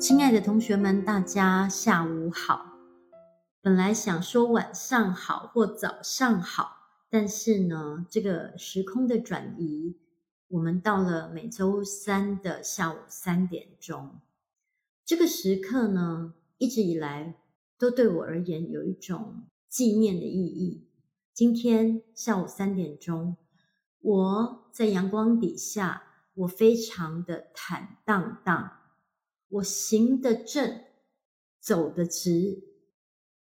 親愛的同學們，大家下午好。本來想說晚上好或早上好，但是呢，這個時空的轉移，我們到了每周三的下午三點鐘。這個時刻呢，一直以來都對我而言有一種紀念的意義。今天下午三點鐘，我在陽光底下，我非常的坦蕩蕩。我行得正，走得直。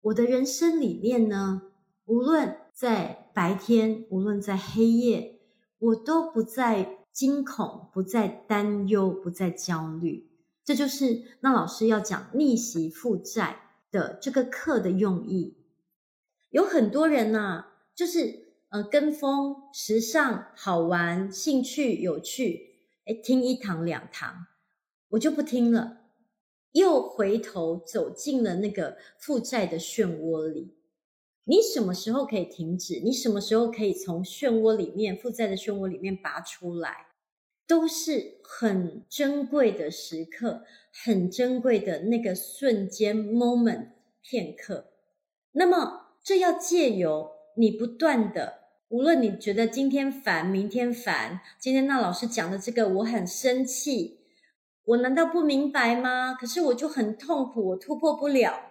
我的人生裡面呢，無論在白天，無論在黑夜，我都不再驚恐，不再擔憂，不再焦慮。這就是娜老師要講逆襲負債的這個課的用意。有很多人呢、啊，就是呃，跟風、時尚、好玩、興趣、有趣，誒，聽一堂兩堂。我就不聽了，又回頭走進了那個負債的漩渦裡。你什麼時候可以停止？你什麼時候可以從漩渦裡面、負債的漩渦裡面拔出來？都是很珍貴的時刻，很珍貴的那個瞬間 （moment） 片刻。那麼，這要借由你不斷的，無論你覺得今天煩、明天煩，今天那老師講的這個我很生氣。我難道不明白嗎？可是我就很痛苦，我突破不了。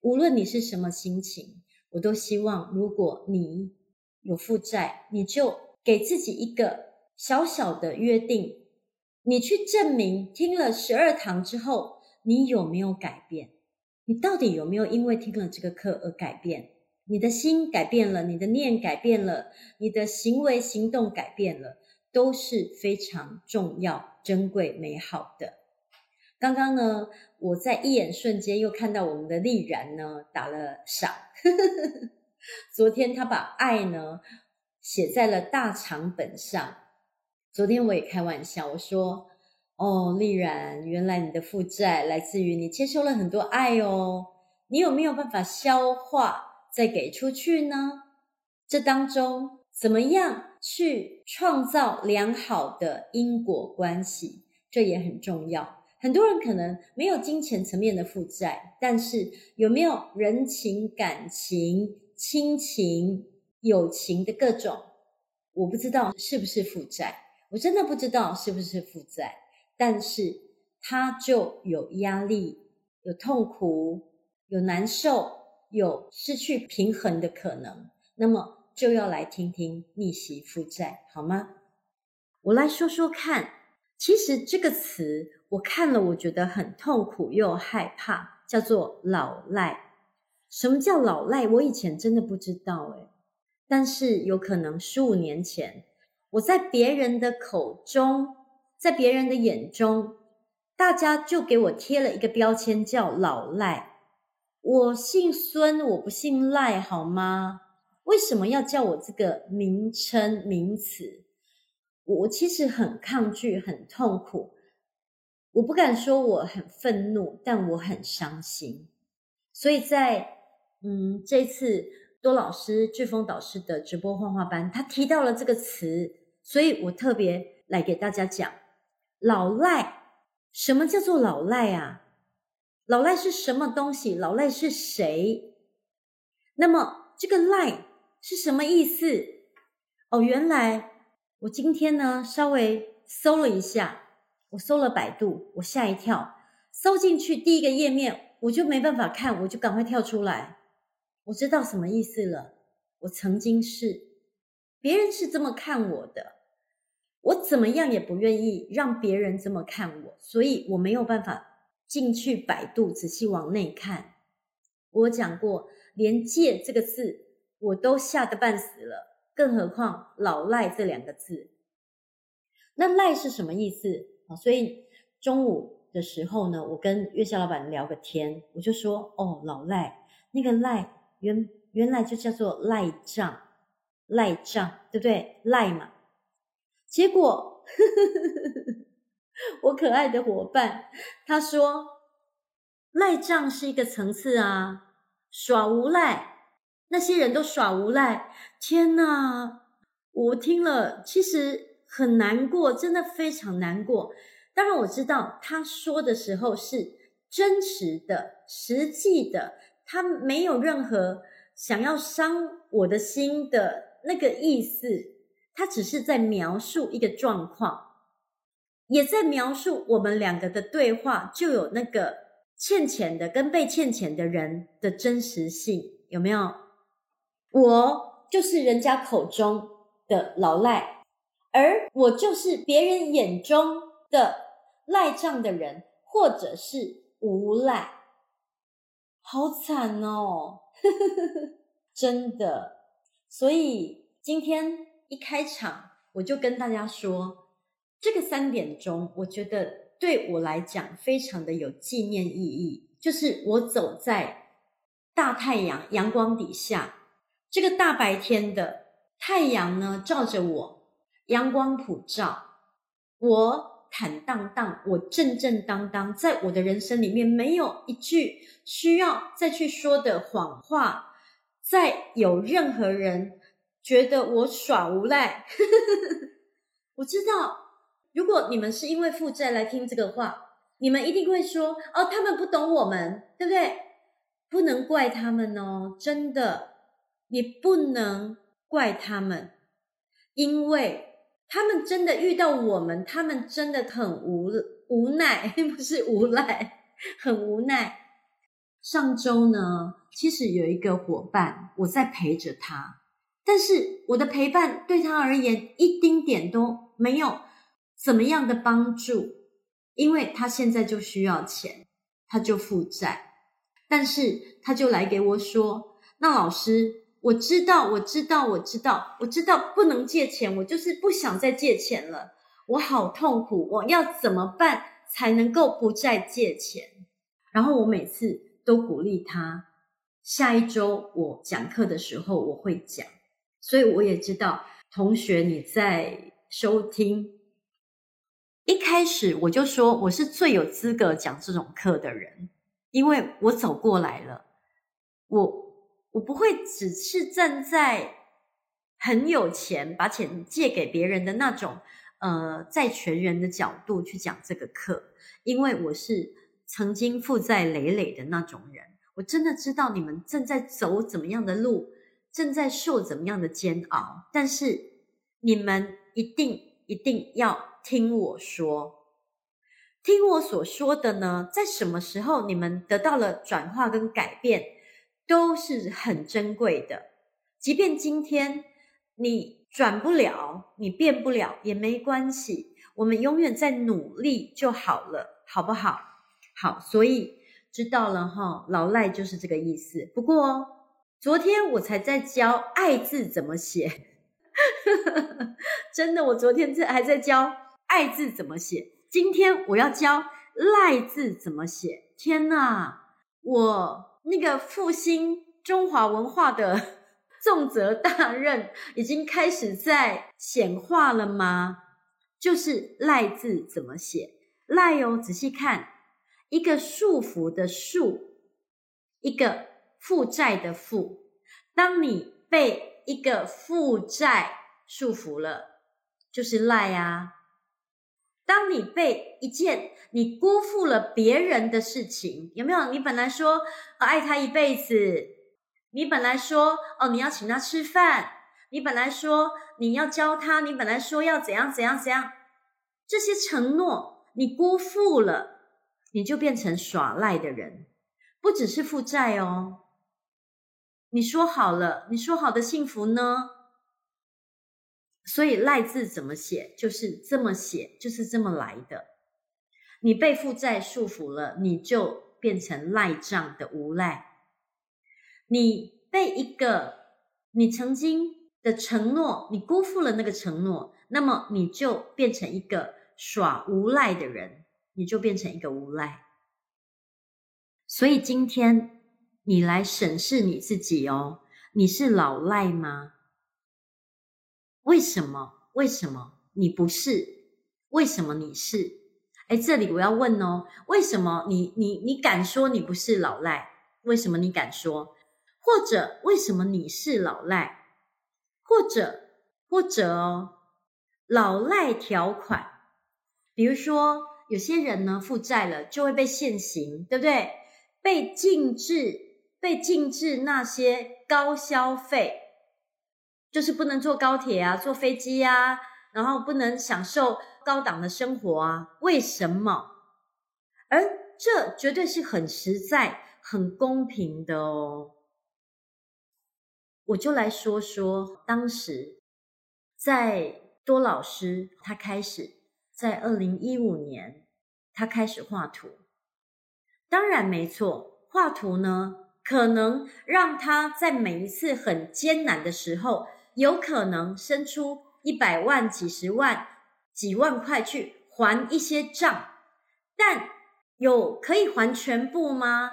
無論你是什麼心情，我都希望，如果你有負債，你就給自己一個小小的約定，你去證明，聽了十二堂之後，你有沒有改變？你到底有沒有因為聽了這個課而改變？你的心改變了，你的念改變了，你的行為行動改變了。都是非常重要、珍貴、美好的。剛剛呢，我在一眼瞬間又看到我們的麗然呢，打了賞。 昨天他把愛呢寫在了大長本上。昨天我也開玩笑，我說：“哦，麗然，原來你的負債來自於你接收了很多愛哦，你有沒有辦法消化，再給出去呢？這當中怎麼樣？”去創造良好的因果關係，這也很重要。很多人可能沒有金錢層面的負債，但是有沒有人情、感情、親情、友情的各種，我不知道是不是負債。我真的不知道是不是負債，但是他就有壓力、有痛苦、有難受、有失去平衡的可能。那麼。就要來聽聽逆襲負債好嗎？我來說說看。其實這個詞我看了，我覺得很痛苦又害怕，叫做老賴。什麼叫老賴？我以前真的不知道誒，但是有可能十五年前，我在別人的口中，在別人的眼中，大家就給我貼了一個標籤，叫老賴。我姓孫，我不姓賴，好嗎？為什麼要叫我這個名稱名詞？我其實很抗拒，很痛苦。我不敢說我很憤怒，但我很傷心。所以在嗯這次多老師颶風導師的直播畫畫班，他提到了這個詞，所以我特別來給大家講“老賴”。什麼叫做“老賴”啊？“老賴”是什麼東西？“老賴”是誰？那麼這個“賴”。是什麼意思？哦，原來我今天呢，稍微搜了一下，我搜了百度，我嚇一跳，搜進去第一個頁面我就沒辦法看，我就趕快跳出來。我知道什麼意思了。我曾經是別人是這麼看我的，我怎麼樣也不願意讓別人這麼看我，所以我沒有辦法進去百度仔細往內看。我講過，連“借”這個字。我都嚇得半死了，更何況“老賴”這兩個字。那“賴”是什麼意思？所以中午的時候呢，我跟月下老板聊個天，我就說：“哦，老賴，那個賴原原來就叫做賴賬，賴賬，對不對？賴嘛。”結果，呵呵呵，我可愛的夥伴，他說：“賴賬是一個層次啊，耍無賴。”那些人都耍無賴，天哪！我聽了其實很難過，真的非常難過。當然我知道他說的時候是真實的、實際的，他沒有任何想要傷我的心的那個意思，他只是在描述一個狀況，也在描述我們兩個的對話就有那個欠錢的跟被欠錢的人的真實性，有沒有？我就是人家口中的老賴，而我就是別人眼中的賴賬的人，或者是無賴，好慘哦，呵呵呵，真的。所以今天一開場，我就跟大家說，這個三點鐘，我覺得對我來講非常的有紀念意義，就是我走在大太陽陽光底下。這個大白天的太陽呢，照着我，陽光普照，我坦蕩蕩，我正正當當，在我的人生裡面沒有一句需要再去說的謊話。再有任何人覺得我耍無賴， 我知道，如果你們是因為負債來聽這個話，你們一定會說哦，他們不懂我們，對不對？不能怪他們哦，真的。你不能怪他們，因為他們真的遇到我們，他們真的很無無奈，不是無賴，很無奈。上周呢，其實有一個夥伴，我在陪着他，但是我的陪伴對他而言一丁點都沒有怎麼樣的幫助，因為他現在就需要錢，他就負債，但是他就來給我說：“那老師。”我知道，我知道，我知道，我知道不能借錢，我就是不想再借錢了。我好痛苦，我要怎麼辦才能夠不再借錢？然後我每次都鼓勵他，下一周我講課的時候我會講。所以我也知道，同學你在收聽，一開始我就說我是最有資格講這種課的人，因為我走過來了，我。我不會只是站在很有錢把錢借給別人的那種呃債權人的角度去講這個課，因為我是曾經負債累累的那種人，我真的知道你們正在走怎麼樣的路，正在受怎麼樣的煎熬。但是你們一定一定要聽我說，聽我所說的呢，在什麼時候你們得到了轉化跟改變，都是很珍貴的，即便今天你轉不了，你變不了也沒關係，我們永遠在努力就好了，好不好？好，所以知道了哈，老賴就是這個意思。不過哦，昨天我才在教“愛”字怎麼寫， 真的，我昨天還在教“愛”字怎麼寫，今天我要教“賴”字怎麼寫。天哪，我。那個復興中華文化的重責大任已經開始在顯化了嗎？就是“賴”字怎麼寫？“賴”哦，仔細看，一個束縛的“束”，一個負債的“負”。當你被一個負債束縛了，就是“賴”啊。當你被一件你辜負了別人的事情，有沒有？你本來說，哦，愛他一輩子，你本來說哦，你要請他吃飯，你本來說你要教他，你本來說要怎樣怎樣怎樣，這些承諾你辜負了，你就變成耍賴的人，不只是負債哦。你說好了，你說好的幸福呢？所以賴字怎麼寫？就是這麼寫，就是這麼來的。你被負債束縛了，你就變成賴賬的無賴。你被一個，你曾經的承諾，你辜負了那個承諾，那麼你就變成一個耍無賴的人，你就變成一個無賴。所以今天你來審視你自己哦，你是老賴嗎？為什麼？為什麼你不是？為什麼你是？哎，這裡我要問哦，為什麼你你你敢說你不是老賴？為什麼你敢說？或者為什麼你是老賴？或者或者哦，老賴條款，比如說有些人呢負債了就會被限行，對不對？被禁止，被禁止那些高消費。就是不能坐高鐵啊，坐飛機啊，然後不能享受高檔的生活啊？為什麼？而這絕對是很實在、很公平的哦。我就來說說，當時在多老師他開始在二零一五年，他開始畫圖。當然沒錯，畫圖呢，可能讓他在每一次很艱難的時候。有可能生出一百萬、幾十萬、幾萬塊去還一些賬，但有可以還全部嗎？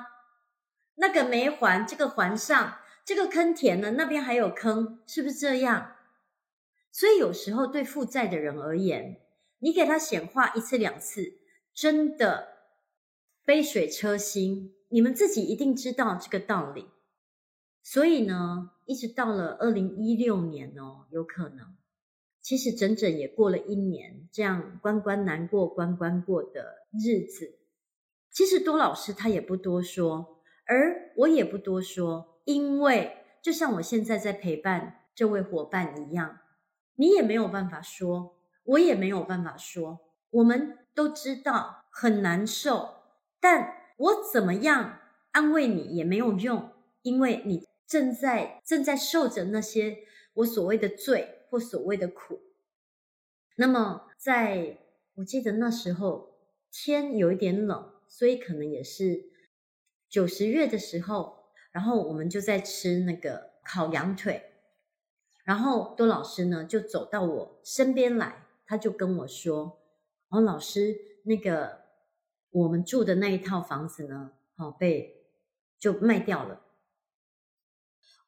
那個沒還，這個還上，這個坑填了，那邊還有坑，是不是這樣？所以有時候對負債的人而言，你給他顯化一次兩次，真的杯水車薪。你們自己一定知道這個道理。所以呢，一直到了二零一六年哦，有可能，其實整整也過了一年，這樣關關難過，關關過的日子，其實多老師他也不多說，而我也不多說，因為就像我現在在陪伴這位夥伴一樣，你也沒有辦法說，我也沒有辦法說，我們都知道很難受，但我怎麼樣安慰你也沒有用，因為你。正在正在受着那些我所謂的罪或所謂的苦，那麼在我記得那時候天有一點冷，所以可能也是九十月的時候，然後我們就在吃那個烤羊腿，然後多老師呢就走到我身邊來，他就跟我說：“哦，老師，那個我們住的那一套房子呢，哦，被就賣掉了。”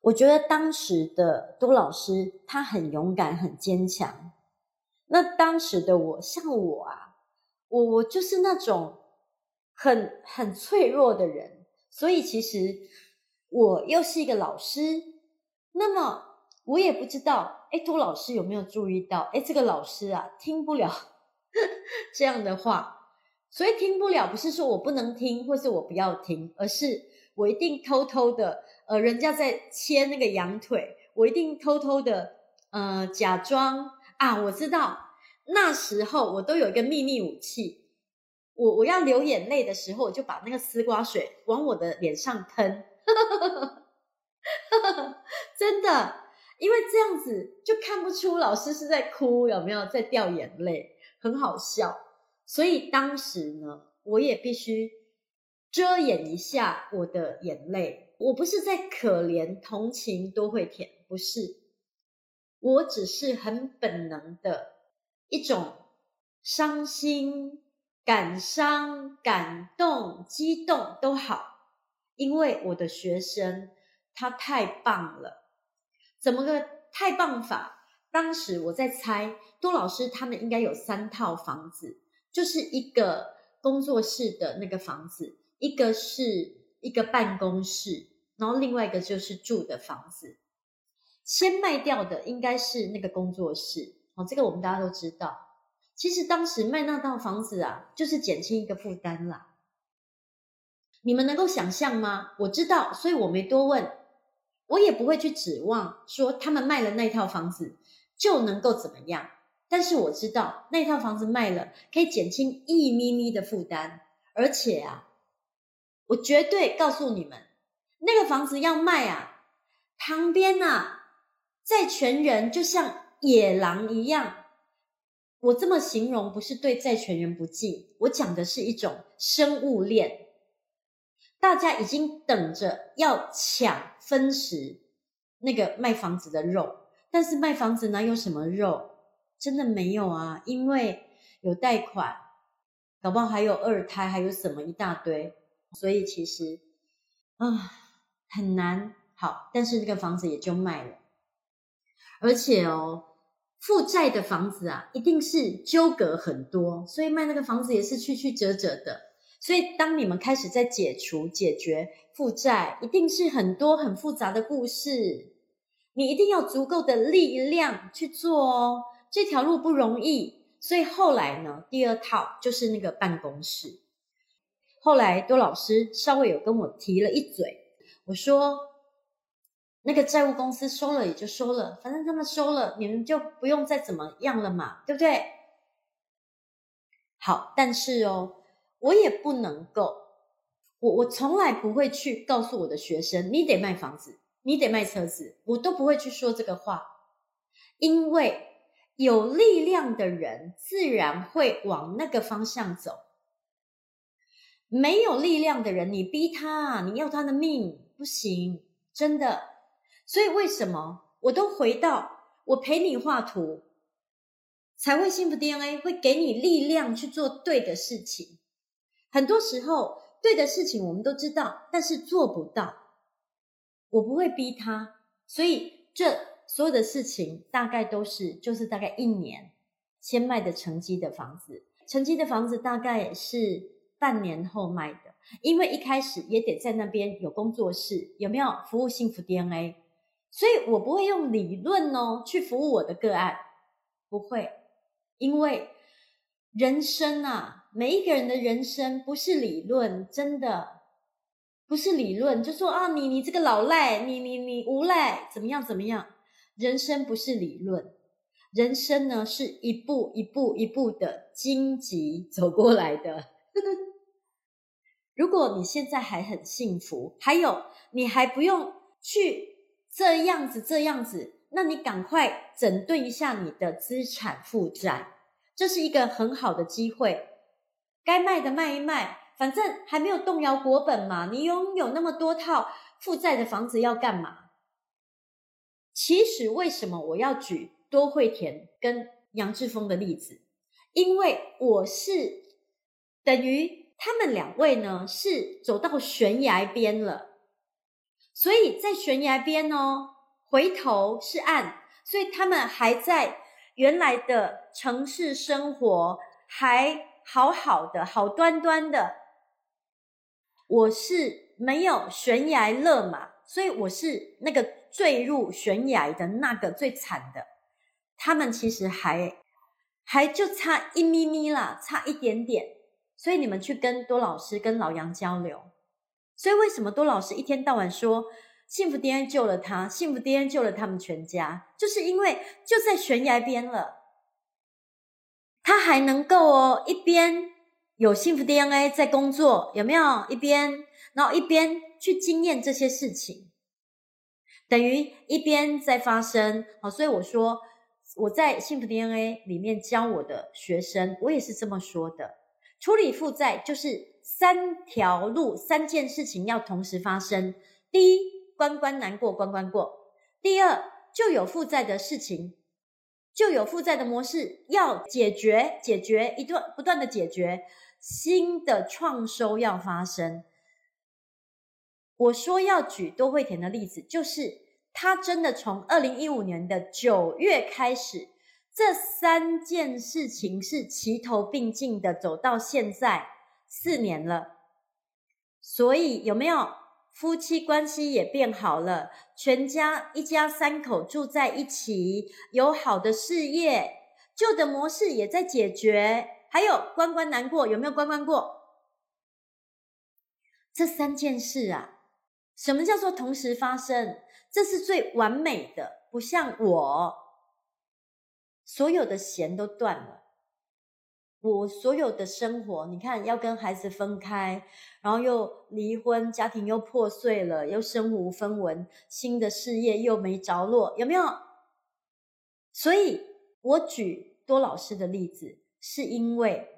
我覺得當時的杜老師他很勇敢，很堅強。那當時的我，像我啊，我我就是那種很很脆弱的人。所以其實我又是一個老師，那麼我也不知道，誒杜老師有沒有注意到？誒這個老師啊，聽不了呵呵這樣的話。所以聽不了，不是說我不能聽，或是我不要聽，而是。我一定偷偷的，呃，人家在切那個羊腿，我一定偷偷的，呃，假裝啊，我知道那時候我都有一個秘密武器，我我要流眼淚的時候，我就把那個絲瓜水往我的臉上噴，呵呵呵呵呵真的，因為這樣子就看不出老師是在哭，有沒有在掉眼淚，很好笑，所以當時呢，我也必須。遮掩一下我的眼淚，我不是在可憐、同情都會舔，不是，我只是很本能的一種傷心、感傷、感動、激動都好，因為我的學生他太棒了，怎麼個太棒法？當時我在猜，多老師他們應該有三套房子，就是一個工作室的那個房子。一個是一個辦公室，然後另外一個就是住的房子。先賣掉的應該是那個工作室，哦，這個我們大家都知道。其實當時賣那套房子啊，就是減輕一個負擔啦。你們能夠想象嗎？我知道，所以我沒多問，我也不會去指望說他們賣了那套房子就能夠怎麼樣。但是我知道，那套房子賣了可以減輕一咪咪的負擔，而且啊。我絕對告訴你們，那個房子要賣啊！旁邊啊，債權人就像野狼一樣。我這麼形容不是對債權人不敬，我講的是一種生物鏈。大家已經等着要搶分食那個賣房子的肉，但是賣房子哪有什麼肉？真的沒有啊！因為有貸款，搞不好還有二胎，還有什麼一大堆。所以其實啊，呃，很難，好，但是那個房子也就賣了。而且哦，負債的房子啊，一定是糾葛很多，所以賣那個房子也是曲曲折折的。所以當你們開始在解除，解決負債，一定是很多很複雜的故事。你一定要足夠的力量去做哦，這條路不容易。所以後來呢，第二套就是那個辦公室。後來，多老師稍微有跟我提了一嘴，我說：“那個債務公司收了也就收了，反正他們收了，你們就不用再怎麼樣了嘛，對不對？”好，但是哦，我也不能夠，我我從來不會去告訴我的學生：“你得賣房子，你得賣車子。”我都不會去說這個話，因為有力量的人自然會往那個方向走。沒有力量的人，你逼他，你要他的命，不行，真的。所以為什麼我都回到我陪你畫圖，才會幸福 DNA 會給你力量去做對的事情。很多時候對的事情我們都知道，但是做不到。我不會逼他，所以這所有的事情大概都是就是大概一年先賣的成績的房子，成績的房子大概也是。半年後賣的，因為一開始也得在那邊有工作室，有沒有服務幸福 DNA？所以我不會用理論哦去服務我的個案，不會，因為人生啊，每一個人的人生不是理論，真的不是理論，就說啊，你你這個老賴，你你你無賴，怎麼樣，怎麼樣？人生不是理論，人生呢是一步一步一步的荊棘走過來的。 如果你現在還很幸福，還有你還不用去這樣子這樣子，那你趕快整頓一下你的資產負債，這是一個很好的機會。該賣的賣一賣，反正還沒有動搖國本嘛。你擁有那麼多套負債的房子要幹嘛？其實為什麼我要舉多會田跟楊志峰的例子？因為我是等於。他們兩位呢，是走到懸崖邊了，所以在懸崖邊哦，回頭是岸，所以他們還在原來的城市生活，還好好的，好端端的。我是沒有懸崖勒馬，所以我是那個墜入懸崖的那個最慘的。他們其實還還就差一咪咪啦，差一點點。所以你們去跟多老師、跟老楊交流。所以為什麼多老師一天到晚說幸福 DNA 救了他，幸福 DNA 救了他們全家，就是因為就在懸崖邊了，他還能夠哦，一邊有幸福 DNA 在工作，有沒有？一邊然後一邊去經驗這些事情，等於一邊在發生。好，所以我說我在幸福 DNA 裡面教我的學生，我也是這麼說的。處理負債就是三條路，三件事情要同時發生。第一，關關難過，關關過；第二，就有負債的事情，就有負債的模式，要解決，解決，一段，不斷的解決。新的創收要發生。我說要舉多會田的例子，就是他真的從二零一五年的九月開始。這三件事情是齊頭並進的，走到現在四年了，所以有沒有夫妻關係也變好了？全家一家三口住在一起，有好的事業，舊的模式也在解決，還有關關難過，有沒有關關過？這三件事啊，什麼叫做同時發生？這是最完美的，不像我。所有的弦都斷了，我所有的生活，你看，要跟孩子分開，然後又離婚，家庭又破碎了，又身無分文，新的事業又沒着落，有沒有？所以我舉多老師的例子，是因為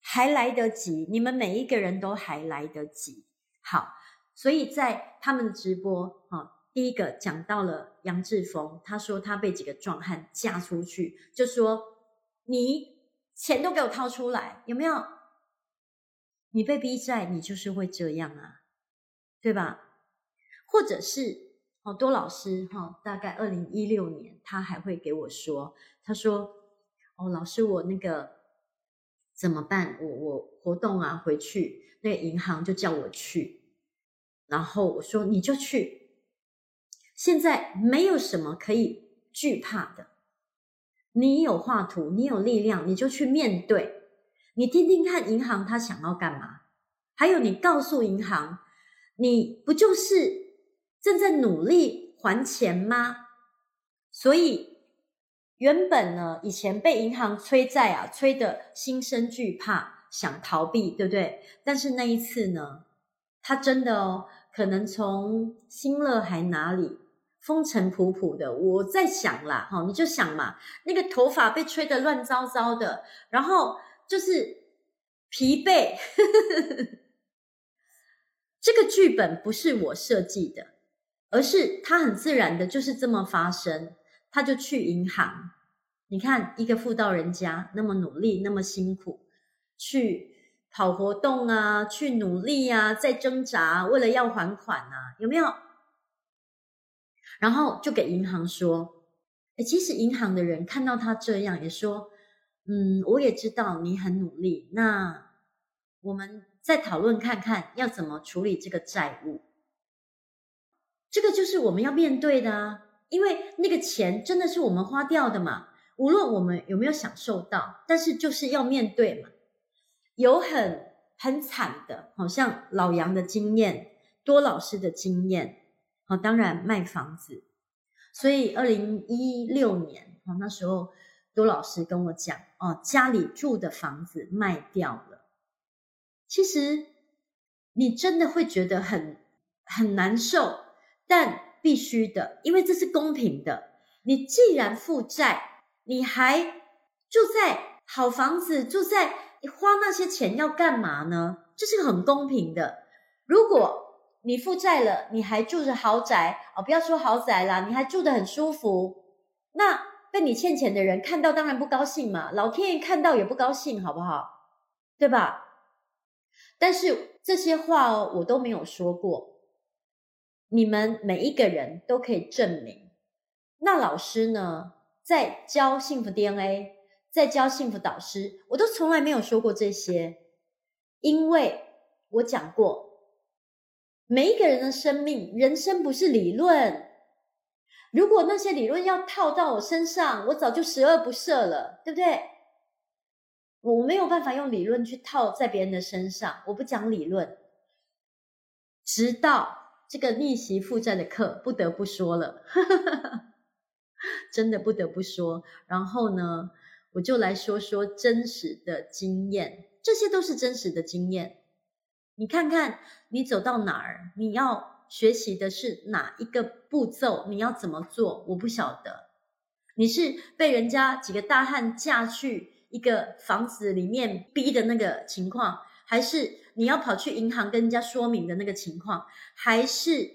還來得及，你們每一個人都還來得及。好，所以在他們的直播，嗯第一個講到了楊志峰，他說他被幾個壯漢架出去，就說：“你錢都給我掏出來，有沒有？你被逼債，你就是會這樣啊，對吧？”或者是好、哦、多老師哈、哦，大概二零一六年，他還會給我說：“他說哦，老師，我那個怎麼辦？我我活動啊，回去那個銀行就叫我去，然後我說你就去。”現在沒有什麼可以懼怕的，你有畫圖，你有力量，你就去面對。你聽聽看，銀行他想要幹嘛？還有，你告訴銀行，你不就是正在努力還錢嗎？所以，原本呢，以前被銀行催債啊，催得心生懼怕，想逃避，對不對？但是那一次呢，他真的哦，可能從新樂還哪裡？風塵僕僕的，我在想啦，哈，你就想嘛，那個頭髮被吹得亂糟糟的，然後就是疲憊。 這個劇本不是我設計的，而是它很自然的，就是這麼發生。他就去銀行，你看一個婦道人家那麼努力，那麼辛苦，去跑活動啊，去努力啊，在掙扎，為了要還款啊，有沒有？然後就給銀行說：“哎，其實銀行的人看到他這樣，也說，嗯，我也知道你很努力，那我們再討論看看要怎麼處理這個債務。這個就是我們要面對的啊，因為那個錢真的是我們花掉的嘛，無論我們有沒有享受到，但是就是要面對嘛。有很很慘的，好像老楊的經驗，多老師的經驗。”啊，當然賣房子，所以二零一六年啊，那時候杜老師跟我講，哦，家裡住的房子賣掉了。其實你真的會覺得很很難受，但必須的，因為這是公平的。你既然負債，你還住在好房子，住在花那些錢要幹嘛呢？這是很公平的。如果你負債了，你還住着豪宅哦，不要說豪宅啦，你還住得很舒服。那被你欠錢的人看到，當然不高興嘛，老天爺看到也不高興，好不好？對吧？但是這些話哦，我都沒有說過。你們每一個人都可以證明。那老師呢，在教幸福 DNA，在教幸福導師，我都從來沒有說過這些，因為我講過。每一個人的生命、人生不是理論。如果那些理論要套到我身上，我早就十惡不赦了，對不對？我沒有辦法用理論去套在別人的身上，我不講理論。直到這個逆襲負債的課，不得不說了， 真的不得不說。然後呢，我就來說說真實的經驗，這些都是真實的經驗。你看看，你走到哪兒，你要學習的是哪一個步驟？你要怎麼做？我不曉得，你是被人家幾個大漢架去一個房子裡面逼的那個情況，還是你要跑去銀行跟人家說明的那個情況？還是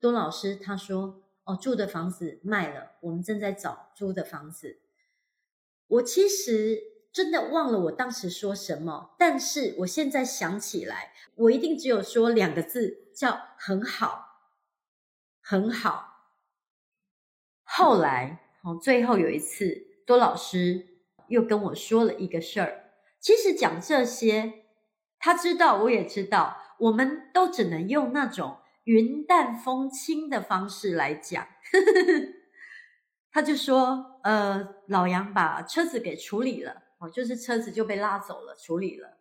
多老師他說：“哦，住的房子賣了，我們正在找租的房子。”我其實，真的忘了我當時說什麼，但是我現在想起來，我一定只有說兩個字，叫“很好，很好”。後來，哦，最後有一次，多老師又跟我說了一個事兒。其實講這些，他知道，我也知道，我們都只能用那種雲淡風輕的方式來講。 他就說：“呃，老楊把車子給處理了。”哦，就是車子就被拉走了，處理了。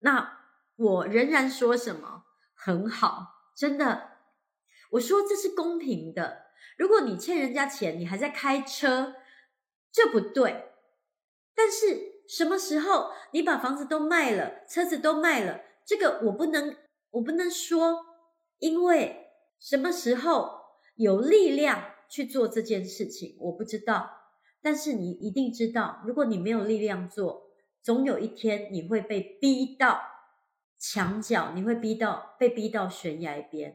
那我仍然說什麼？很好，真的。我說，這是公平的。如果你欠人家錢，你還在開車，這不對。但是什麼時候你把房子都賣了，車子都賣了？這個我不能，我不能說，因為什麼時候有力量去做這件事情，我不知道。但是你一定知道，如果你沒有力量做，總有一天你會被逼到牆角，你會逼到被逼到懸崖邊。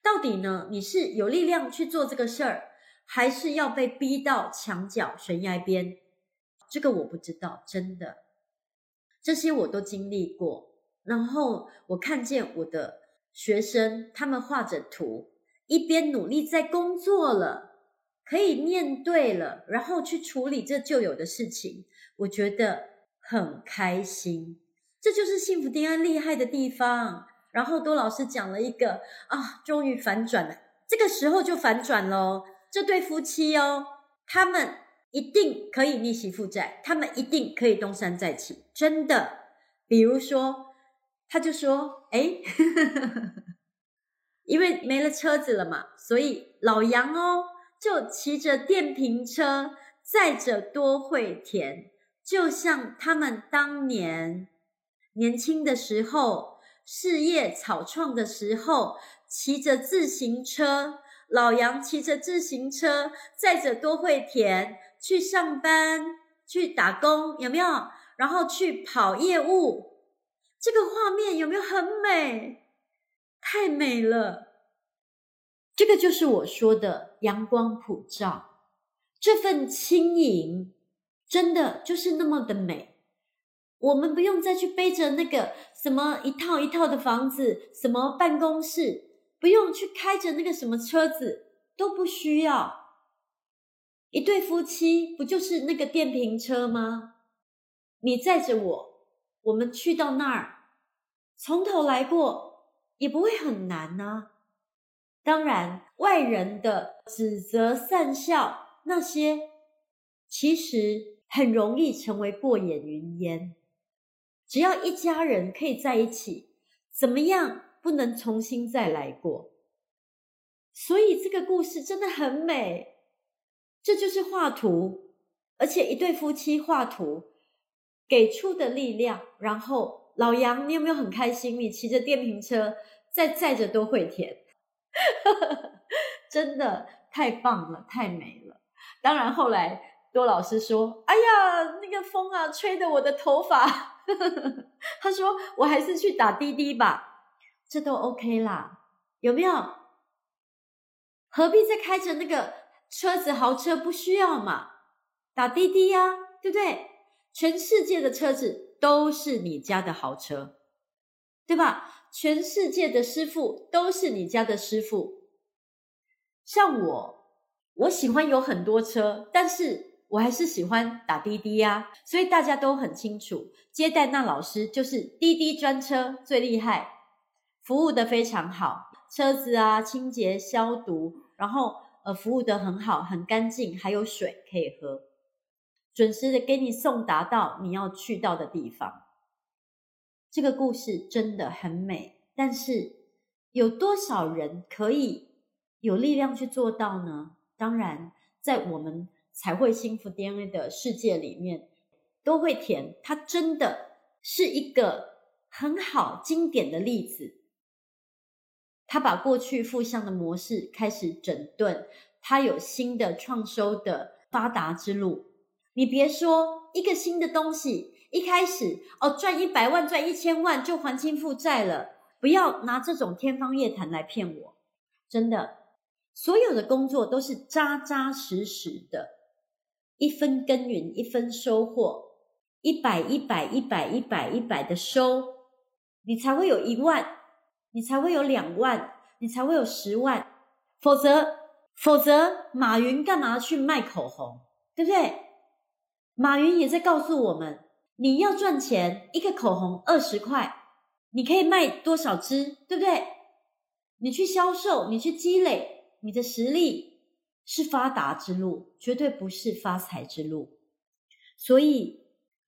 到底呢？你是有力量去做這個事兒，還是要被逼到牆角懸崖邊？這個我不知道，真的。這些我都經歷過，然後我看見我的學生，他們畫着圖，一邊努力在工作了。可以面對了，然後去處理這舊有的事情，我覺得很開心。這就是幸福定案厲害的地方。然後多老師講了一個啊，終於反轉了，這個時候就反轉嘍、哦。這對夫妻哦，他們一定可以逆襲負債，他們一定可以東山再起，真的。比如說，他就說，哎， 因為沒了車子了嘛，所以老楊哦。就騎着電瓶車載着多會田，就像他們當年年輕的時候，事業草創的時候，騎着自行車，老楊騎着自行車載着多會田去上班，去打工，有沒有？然後去跑業務，這個畫面有沒有很美？太美了！這個就是我說的。陽光普照，這份輕盈真的就是那麼的美。我們不用再去背着那個什麼一套一套的房子，什麼辦公室，不用去開着那個什麼車子，都不需要。一對夫妻不就是那個電瓶車嗎？你載着我，我們去到那兒，從頭來過，也不會很難呢。當然，外人的指責、訕笑，那些其實很容易成為過眼雲煙。只要一家人可以在一起，怎麼樣不能重新再來過？所以這個故事真的很美，這就是畫圖，而且一對夫妻畫圖給出的力量。然後老楊，你有沒有很開心？你騎着電瓶車再載着都會甜。 真的太棒了，太美了。當然後來多老師說：“哎呀，那個風啊，吹得我的頭髮。 ”他說：“我還是去打滴滴吧，這都 OK 啦，有沒有？何必再開着那個車子？豪車不需要嘛，打滴滴呀、啊，對不對？全世界的車子都是你家的豪車，對吧？”全世界的師傅都是你家的師傅，像我，我喜歡有很多車，但是我還是喜歡打滴滴呀。所以大家都很清楚，接待那老師就是滴滴專車最厲害，服務的非常好，車子啊，清潔消毒，然後，呃，服務的很好，很乾淨，還有水可以喝，準時的給你送達到你要去到的地方。這個故事真的很美，但是有多少人可以有力量去做到呢？當然，在我們彩繪幸福 DNA 的世界裡面，都會填。它真的是一個很好經典的例子。他把過去負向的模式開始整頓，他有新的創收的發達之路。你別說一個新的東西。一開始哦，賺一百萬，賺一千萬就還清負債了。不要拿這種天方夜譚來騙我，真的。所有的工作都是扎扎實實的，一分耕耘一分收穫，一百一百一百一百一百，一百的收，你才會有一萬，你才會有兩萬，你才會有十萬。否則，否則，馬雲幹嘛去賣口紅？對不對？馬雲也在告訴我們。你要賺錢，一個口紅二十塊，你可以賣多少支，對不對？你去銷售，你去積累，你的實力是發達之路，絕對不是發財之路。所以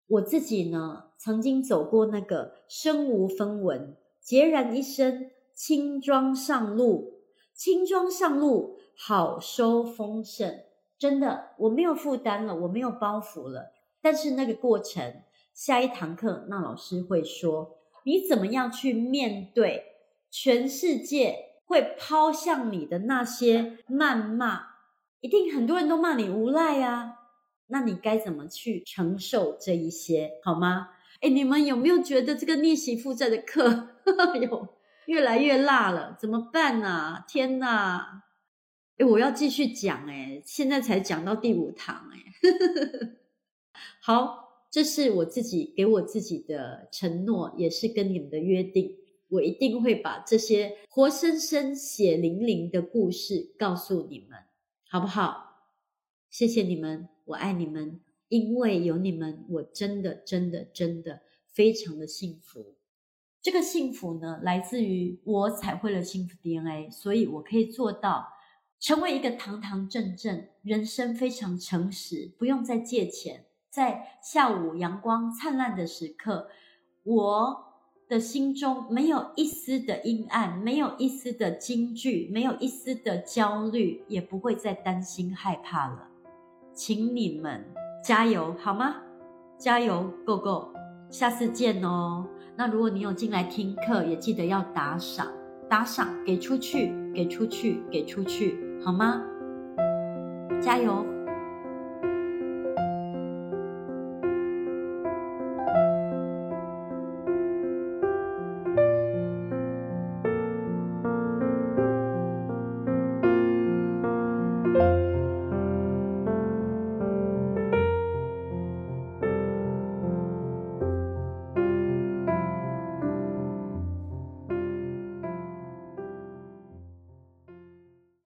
我自己呢，曾經走過那個身無分文、孑然一身、輕裝上路、輕裝上路，好收豐盛，真的，我沒有負擔了，我沒有包袱了，但是那個過程。下一堂課，那老師會說你怎麼樣去面對全世界會拋向你的那些謾罵，一定很多人都罵你無賴呀、啊，那你該怎麼去承受這一些，好嗎？哎，你們有沒有覺得這個逆襲負債的課，呵呵，有越來越辣了？怎麼辦啊？天哪！誒，我要繼續講誒、欸、現在才講到第五堂哈、欸。好。這是我自己給我自己的承諾，也是跟你們的約定。我一定會把這些活生生、血淋淋的故事告訴你們，好不好？謝謝你們，我愛你們，因為有你們，我真的、真的、真的非常的幸福。這個幸福呢，來自於我彩繪了幸福 DNA，所以我可以做到成為一個堂堂正正、人生非常誠實，不用再借錢。在下午陽光燦爛的時刻，我的心中沒有一絲的陰暗，沒有一絲的驚懼，沒有一絲的焦慮，也不會再擔心害怕了。請你們加油，好嗎？加油，Go Go，下次見哦。那如果你有進來聽課，也記得要打賞，打賞，給出去，給出去，給出去，好嗎？加油！